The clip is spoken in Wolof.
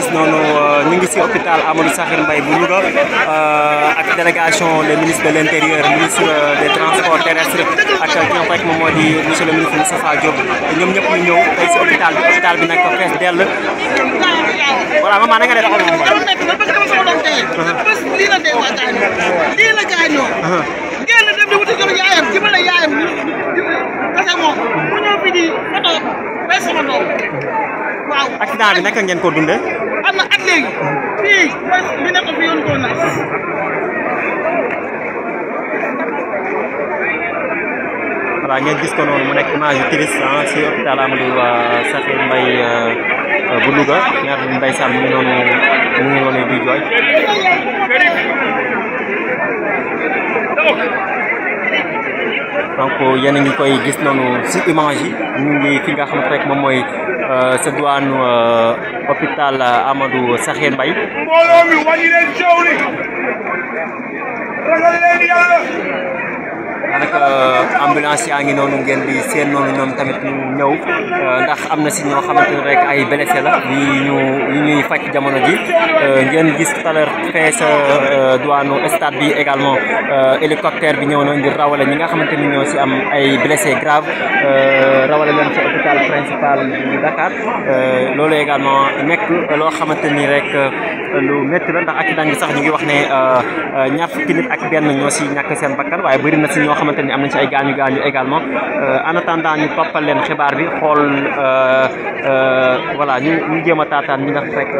gis euh, ñu ngi si hôpital Amadou Sakhir Mbaye bu Louga euh, ak délégation le ministre de l' intérieur ministre des transports terrestres ak ki nga xam moom moo di monsieur le ministre Moustapha Diop ñoom ñëpp ñu ñëw tey hôpital bi hôpital bi nag fees dell. voilà maman na nga uh-huh. dee waa gaañoo lii la gaañoo. Uh-huh. génn yaayam jëmale yaayam kese mu ñëw fi di oto bay sama doom ngeen ko dundee. Big, big, yun ko na. Raw ngeen kono ko noonu mu nekk si hôpital Amadou Sakhir Mbaye uh, uh, bu Louga ñaar Mbaye Sam mi noonu uh, mu di donc euh, yéen a ngi koy gis noonu si image yi ñu ngi fi nga xamante rek moom mooy euh, sa douane euh, hôpital Amadou Sakhir Mbaye mbooloo mi wàññi leen coow li ragal leen yàlla daanaka ambulance yaa ngi noonu ngeen di seen noonu ñoom tamit ñu ñëw ndax am na si ñoo xamante ne rek ay blessé la yi ñu faj jamono ji euh, ngeen gis tout à l'heure fee sa duwaanu stade bi également euh, hélicoptère bi ñëw na ngir rawale ñi nga xamante ni ñoo si am ay blessés graves euh, rawale leen ci hôpital principal bu Dakar loolu également nekk loo xamante ni rek lu métti la ndax ak bi sax ñu ngi wax ne ñaar fukki nit ak benn ñoo si ñàkk seen bakkan waaye bëri na si ñoo xamante ni am nañ si ay gaañu gaañu également en attendant ñu toppal leen xibaar bi xool voilà ñu ñu jéem a